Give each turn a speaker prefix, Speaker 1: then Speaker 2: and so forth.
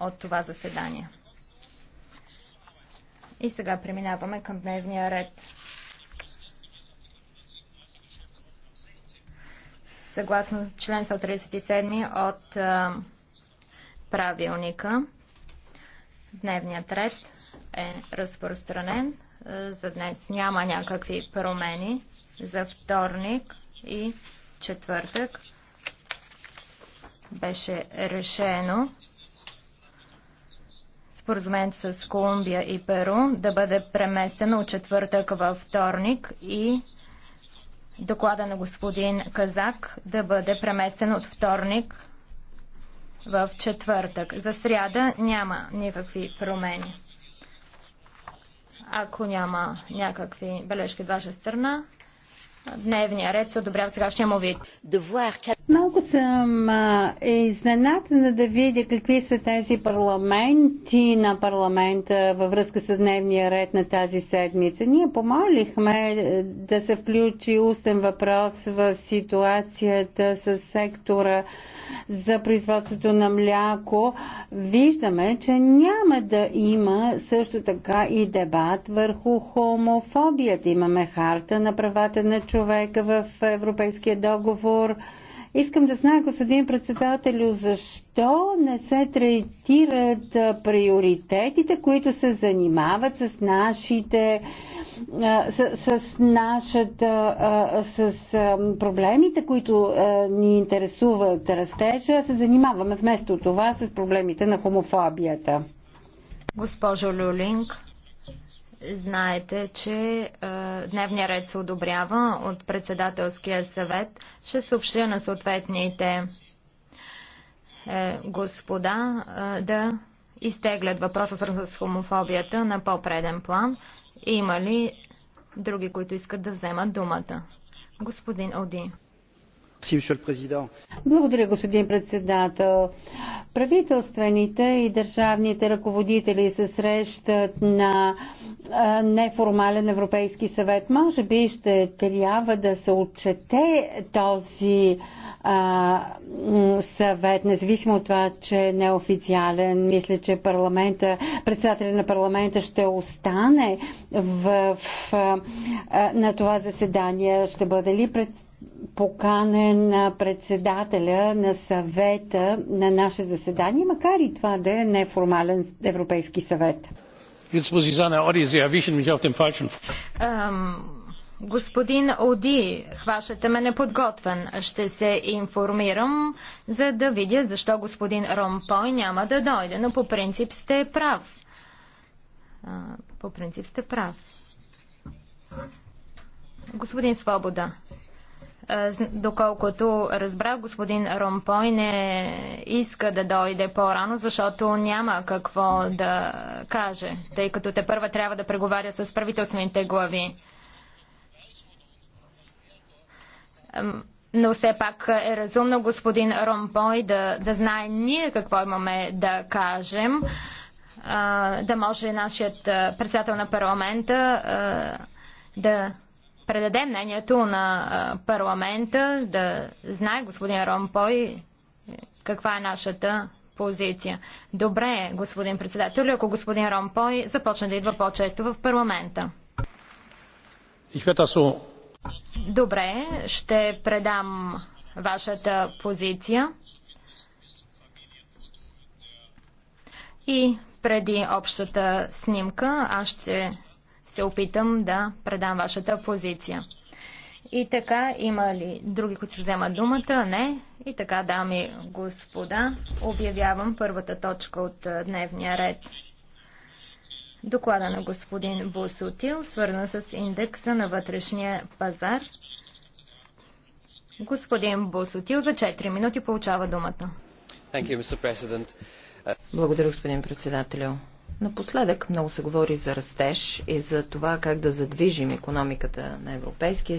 Speaker 1: от това заседание. И сега преминаваме към дневния ред. Съгласно член 137 от а, правилника, дневният ред е разпространен. За днес няма някакви промени за вторник и четвъртък. Беше решено споразумението с Колумбия и Перу да бъде преместено от четвъртък във вторник и доклада на господин Казак да бъде преместен от вторник в четвъртък. За сряда няма никакви промени. Ако няма някакви бележки от ваша страна, дневния ред се одобрява сегашния му вид.
Speaker 2: Малко съм а, изненадана да видя какви са тези парламенти на парламента във връзка с дневния ред на тази седмица. Ние помолихме е, да се включи устен въпрос в ситуацията с сектора за производството на мляко. Виждаме, че няма да има също така и дебат върху хомофобията. Имаме харта на правата на човека човека в Европейския договор. Искам да знае, господин председателю, защо не се третират приоритетите, които се занимават с нашите с, с нашата с проблемите, които ни интересуват растежа, се занимаваме вместо това с проблемите на хомофобията.
Speaker 1: Госпожо Люлинг, Знаете, че е, дневния ред се одобрява от председателския съвет. Ще съобщя на съответните е, господа е, да изтеглят въпроса свързан с хомофобията на по-преден план. Има ли други, които искат да вземат думата? Господин Оди.
Speaker 2: Благодаря, господин председател. Правителствените и държавните ръководители се срещат на неформален Европейски съвет. Може би ще трябва да се отчете този а, съвет, независимо от това, че е неофициален. Мисля, че парламента, председателя на парламента ще остане в, в, а, на това заседание. Ще бъде ли пред поканен на председателя на съвета на наше заседание, макар и това да е неформален Европейски съвет.
Speaker 1: Господин Оди, хващате ме неподготвен. Ще се информирам, за да видя защо господин Ромпой няма да дойде, но по принцип сте прав. По принцип сте прав. Господин Свобода. Доколкото разбрах, господин Ромпой не иска да дойде по-рано, защото няма какво да каже, тъй като те първа трябва да преговаря с правителствените глави. Но все пак е разумно господин Ромпой да, да знае ние какво имаме да кажем, да може нашият председател на парламента да предаде мнението на парламента, да знае господин Ромпой е, каква е нашата позиция. Добре, господин председател, ако господин Ромпой започне да идва по-често в парламента. Добре, ще предам вашата позиция. И преди общата снимка аз ще се опитам да предам вашата позиция. И така, има ли други, които ще вземат думата? Не. И така, дами и господа, обявявам първата точка от дневния ред. Доклада на господин Бусутил, свързан с индекса на вътрешния пазар. Господин Бусутил за 4 минути получава думата.
Speaker 2: Благодаря, господин председателю. Напоследък много се говори за растеж и за това как да задвижим економиката на Европейския